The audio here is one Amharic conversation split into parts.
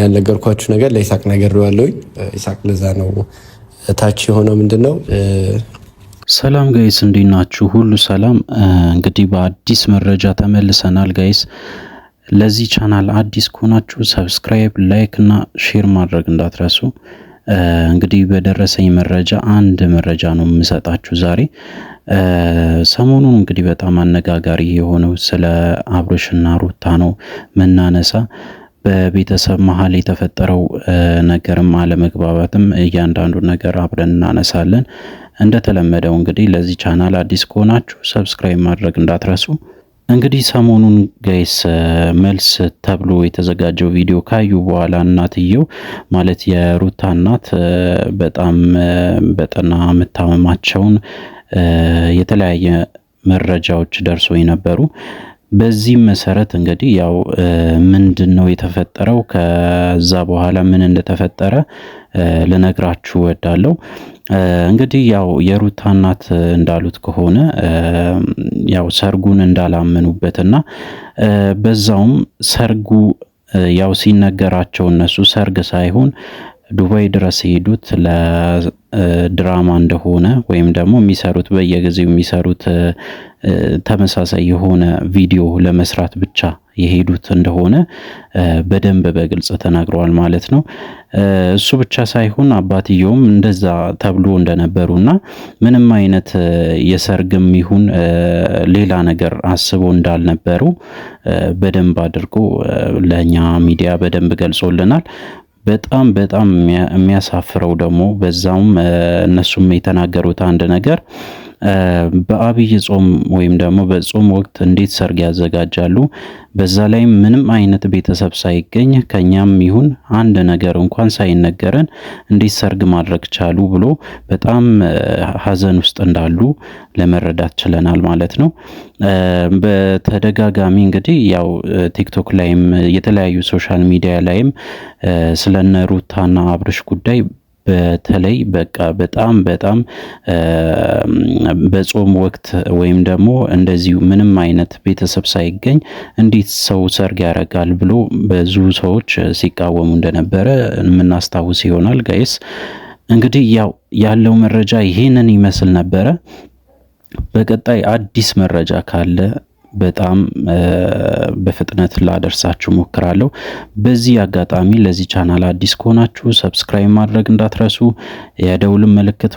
ያልነገርኳችሁ ነገር ለኢሳቅ ነግሬዋለሁኝ። ኢሳቅ ለዛ ነው ታች የሆነው ምንድን ነው ሰላም ጋይስ እንዴት ናችሁ? ሁሉ ሰላም። እንግዲህ በአዲስ መረጃ ተመልሰናል ጋይስ። ለዚህ ቻናል አዲስ ከሆናችሁ ሰብስክራይብ፣ ላይክ እና ሼር ማድረግ እንዳትረሱ። እንግዲህ በደረሰኝ መረጃ አንድ መረጃ ነው የምሰጣችሁ ዛሬ። ሰሞኑን እንግዲህ በጣም አነጋጋሪ የሆነው ስለ አብርሽና ሩታ ነው ምናነሳ በቤተሰብ መሀል የተፈጠረው ነገርም አለመግባባትም እያንዳንዱ ነገር አብረን እናነሳለን። እንደተለመደው እንግዲህ ለዚህ ቻናል አዲስ ከሆናችሁ ሰብስክራይብ ማድረግ እንዳትረሱ። እንግዲህ ሰሞኑን ጋይስ መልስ ተብሎ የተዘጋጀው ቪዲዮ ካዩ በኋላ እናትየው ማለት የሩታ እናት በጣም በጠና መታመማቸውን የተለያየ መረጃዎች ደርሶ የነበሩ በዚህም መሰረት እንግዲህ ያው ምንድን ነው የተፈጠረው፣ ከዛ በኋላ ምን እንደተፈጠረ ልነግራችሁ ወዳለው። እንግዲህ ያው የሩታ እናት እንዳሉት ከሆነ ያው ሰርጉን እንዳላመኑበትና በዛውም ሰርጉ ያው ሲነገራቸው እነሱ ሰርግ ሳይሆን ዱባይ ድረስ የሄዱት ድራማ እንደሆነ ወይም ደግሞ የሚሰሩት በየጊዜው የሚሰሩት ተመሳሳይ የሆነ ቪዲዮ ለመስራት ብቻ የሄዱት እንደሆነ በደንብ በግልጽ ተናግረዋል ማለት ነው። እሱ ብቻ ሳይሆን አባትየውም እንደዛ ተብሎ እንደነበሩ እና ምንም አይነት የሰርግም ይሁን ሌላ ነገር አስቦ እንዳልነበሩ በደንብ አድርጎ ለእኛ ሚዲያ በደንብ ገልጾልናል። በጣም በጣም የሚያሳፍረው ደግሞ በዛውም እነሱም የተናገሩት አንድ ነገር በአብይ ጾም ወይም ደግሞ በጾም ወቅት እንዴት ሰርግ ያዘጋጃሉ? በዛ ላይ ምንም አይነት ቤተሰብ ሳይገኝ ከኛም ይሁን አንድ ነገር እንኳን ሳይነገረን እንዴት ሰርግ ማድረግ ቻሉ ብሎ በጣም ሀዘን ውስጥ እንዳሉ ለመረዳት ችለናል ማለት ነው። በተደጋጋሚ እንግዲህ ያው ቲክቶክ ላይም የተለያዩ ሶሻል ሚዲያ ላይም ስለነ ሩታና አብርሽ ጉዳይ በተለይ በቃ በጣም በጣም በጾም ወቅት ወይም ደግሞ እንደዚሁ ምንም አይነት ቤተሰብ ሳይገኝ እንዴት ሰው ሰርግ ያደርጋል ብሎ ብዙ ሰዎች ሲቃወሙ እንደነበረ የምናስታውስ ይሆናል። ጋይስ እንግዲህ ያው ያለው መረጃ ይሄንን ይመስል ነበረ። በቀጣይ አዲስ መረጃ ካለ በጣም በፍጥነት ላደርሳችሁ ሞክራለሁ። በዚህ አጋጣሚ ለዚህ ቻናል አዲስ ከሆናችሁ ሰብስክራይብ ማድረግ እንዳትረሱ፣ የደውልም ምልክት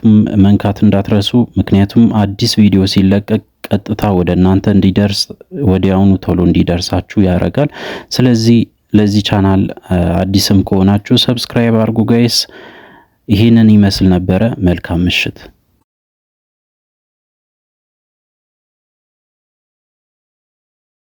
መንካት እንዳትረሱ። ምክንያቱም አዲስ ቪዲዮ ሲለቀቅ ቀጥታ ወደ እናንተ እንዲደርስ ወዲያውኑ ቶሎ እንዲደርሳችሁ ያደርጋል። ስለዚህ ለዚህ ቻናል አዲስም ከሆናችሁ ሰብስክራይብ አድርጉ ጋይስ። ይህንን ይመስል ነበረ። መልካም ምሽት።